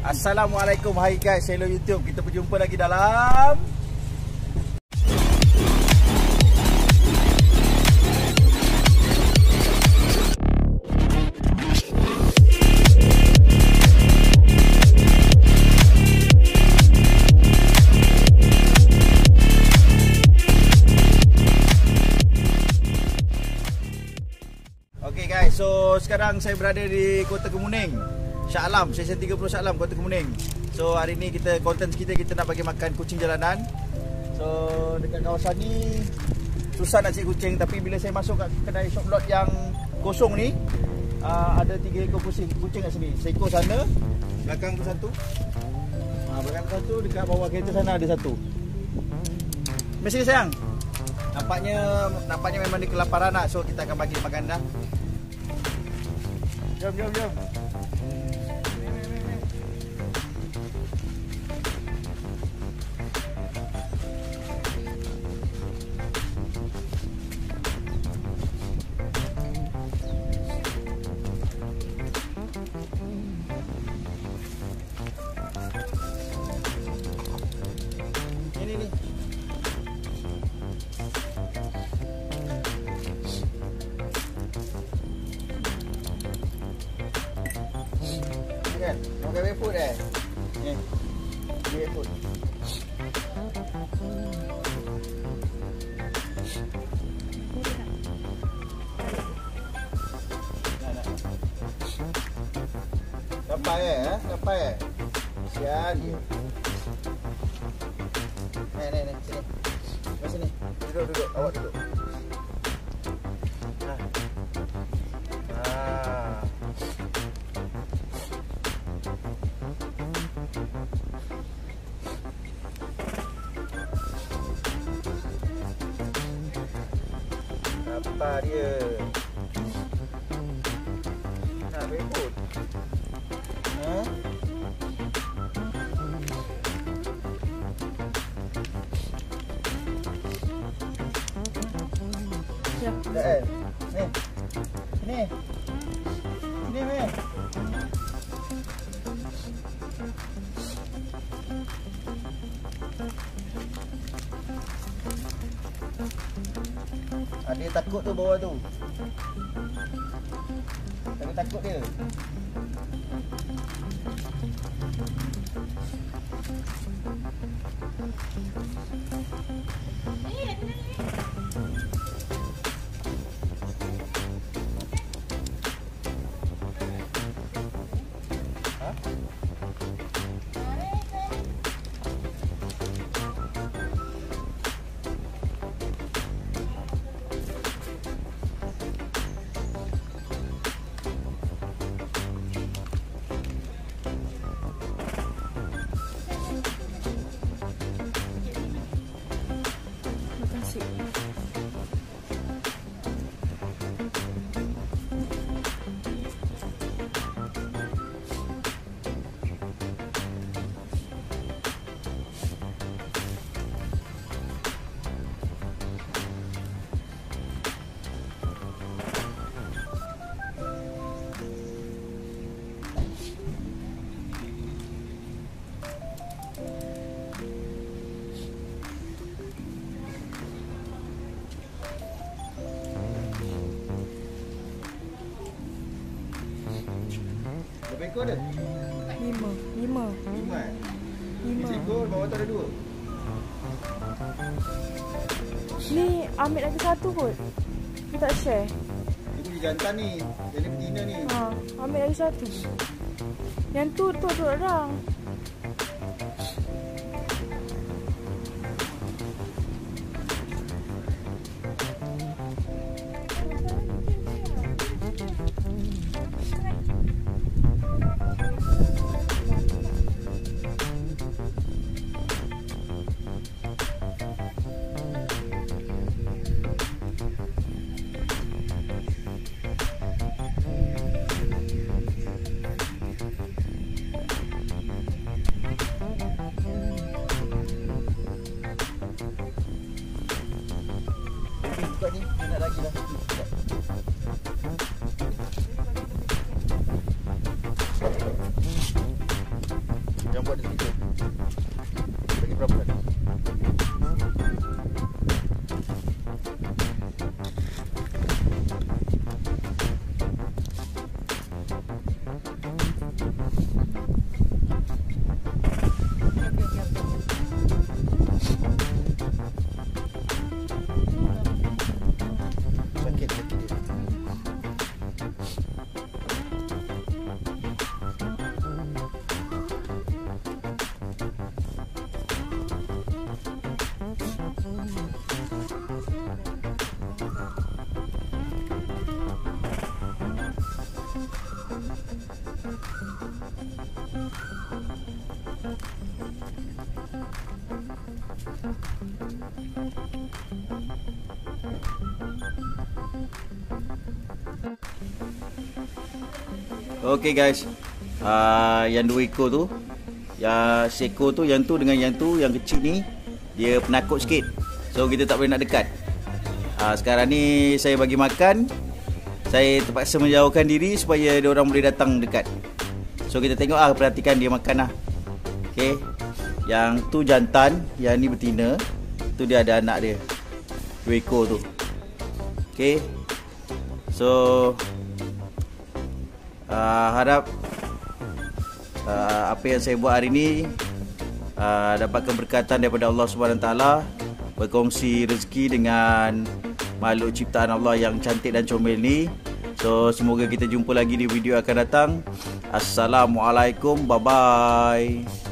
Assalamualaikum hai guys, hello YouTube. Kita berjumpa lagi dalam Okay guys, so sekarang saya berada di Kota Kemuning Shah Alam, Sesen 30 Shah Alam, Kota Kemuning So hari ni kita, content kita, kita nak bagi makan kucing jalanan So dekat kawasan ni Susah nak cik kucing Tapi bila saya masuk kat kedai shop lot yang kosong ni uh, Ada tiga ekor kucing, kucing kat sini saya Seekor sana, belakang tu satu uh, Belakang tu satu, dekat bawah kereta sana ada satu Mesti sayang Nampaknya nampaknya memang dia kelaparan lah So kita akan bagi makan dah jom, jom, jom. Thank you. Ito. Kapay eh, kapay ha? eh. Sial. Nih, eh, nih, nih, sini. Masih nih. Duduk, duduk. Awak duduk. Nah. Ha. sabar dia Nak berikut Ha? Sekejap Sekejap Ni takut tu bawah tu. Tak takut dia. ekor ada? Lima. Lima. Lima eh? Lima. Seekor bawah tu ada dua. Ni ambil lagi satu kot. Kita tak share. Dia punya jantan ni. jadi betina ni. Ha, ambil lagi satu. Yang tu tu tu orang. Okey guys. Uh, yang dua ekor tu yang seko tu yang tu dengan yang tu yang kecil ni dia penakut sikit. So kita tak boleh nak dekat. Uh, sekarang ni saya bagi makan. Saya terpaksa menjauhkan diri supaya dia orang boleh datang dekat. So kita tengok ah perhatikan dia makan lah. Okey. Yang tu jantan, yang ni betina. Tu dia ada anak dia. Dua ekor tu. Okay, So uh, harap uh, apa yang saya buat hari ini uh, ah, dapat keberkatan daripada Allah SWT berkongsi rezeki dengan makhluk ciptaan Allah yang cantik dan comel ni. So semoga kita jumpa lagi di video akan datang. Assalamualaikum. Bye bye.